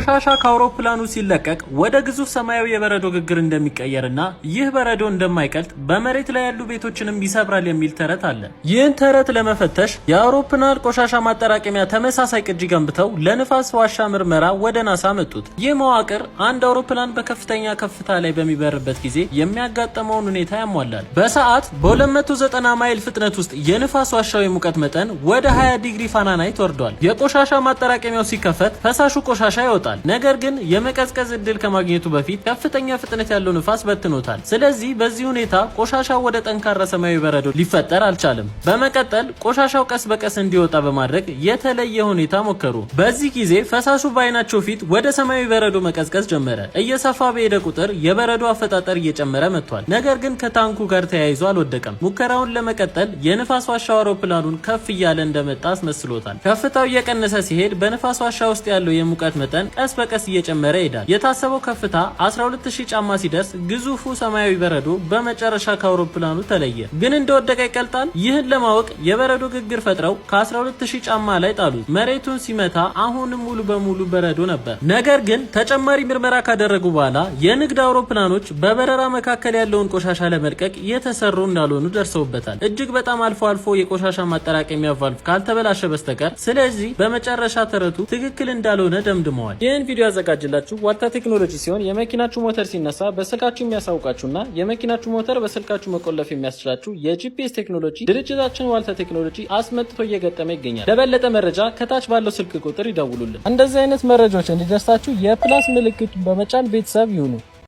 ቆሻሻ ከአውሮፕላኑ ሲለቀቅ ወደ ግዙፍ ሰማያዊ የበረዶ ግግር እንደሚቀየርና ይህ በረዶ እንደማይቀልጥ በመሬት ላይ ያሉ ቤቶችንም ይሰብራል የሚል ተረት አለ። ይህን ተረት ለመፈተሽ የአውሮፕላን ቆሻሻ ማጠራቀሚያ ተመሳሳይ ቅጂ ገንብተው ለንፋስ ዋሻ ምርመራ ወደ ናሳ መጡት። ይህ መዋቅር አንድ አውሮፕላን በከፍተኛ ከፍታ ላይ በሚበርበት ጊዜ የሚያጋጠመውን ሁኔታ ያሟላል። በሰዓት በ290 ማይል ፍጥነት ውስጥ የንፋስ ዋሻው የሙቀት መጠን ወደ 20 ዲግሪ ፋናናይት ወርዷል። የቆሻሻ ማጠራቀሚያው ሲከፈት ፈሳሹ ቆሻሻ ይወጣል። ይሰጣል። ነገር ግን የመቀዝቀዝ እድል ከማግኘቱ በፊት ከፍተኛ ፍጥነት ያለው ንፋስ በትኖታል። ስለዚህ በዚህ ሁኔታ ቆሻሻው ወደ ጠንካራ ሰማያዊ በረዶ ሊፈጠር አልቻለም። በመቀጠል ቆሻሻው ቀስ በቀስ እንዲወጣ በማድረግ የተለየ ሁኔታ ሞከሩ። በዚህ ጊዜ ፈሳሹ በአይናቸው ፊት ወደ ሰማያዊ በረዶ መቀዝቀዝ ጀመረ። እየሰፋ በሄደ ቁጥር የበረዶ አፈጣጠር እየጨመረ መጥቷል። ነገር ግን ከታንኩ ጋር ተያይዞ አልወደቀም። ሙከራውን ለመቀጠል የንፋስ ዋሻ አውሮፕላኑን ከፍ እያለ እንደመጣ አስመስሎታል። ከፍታው እየቀነሰ ሲሄድ በንፋስ ዋሻ ውስጥ ያለው የሙቀት መጠን ቀስ በቀስ እየጨመረ ይሄዳል። የታሰበው ከፍታ 12000 ጫማ ሲደርስ ግዙፉ ሰማያዊ በረዶ በመጨረሻ ከአውሮፕላኑ ተለየ። ግን እንደወደቀ ይቀልጣል። ይህን ለማወቅ የበረዶ ግግር ፈጥረው ከ12000 ጫማ ላይ ጣሉት። መሬቱን ሲመታ አሁንም ሙሉ በሙሉ በረዶ ነበር። ነገር ግን ተጨማሪ ምርመራ ካደረጉ በኋላ የንግድ አውሮፕላኖች በበረራ መካከል ያለውን ቆሻሻ ለመልቀቅ የተሰሩ እንዳልሆኑ ደርሰውበታል። እጅግ በጣም አልፎ አልፎ የቆሻሻ ማጠራቀሚያ ቫልቭ ካልተበላሸ በስተቀር። ስለዚህ በመጨረሻ ተረቱ ትክክል እንዳልሆነ ደምድመዋል። ይህን ቪዲዮ ያዘጋጅላችሁ ዋልታ ቴክኖሎጂ ሲሆን የመኪናችሁ ሞተር ሲነሳ በስልካችሁ የሚያሳውቃችሁና የመኪናችሁ ሞተር በስልካችሁ መቆለፍ የሚያስችላችሁ የጂፒኤስ ቴክኖሎጂ ድርጅታችን ዋልታ ቴክኖሎጂ አስመጥቶ እየገጠመ ይገኛል። ለበለጠ መረጃ ከታች ባለው ስልክ ቁጥር ይደውሉልን። እንደዚህ አይነት መረጃዎች እንዲደርሳችሁ የፕላስ ምልክቱን በመጫን ቤተሰብ ይሁኑ።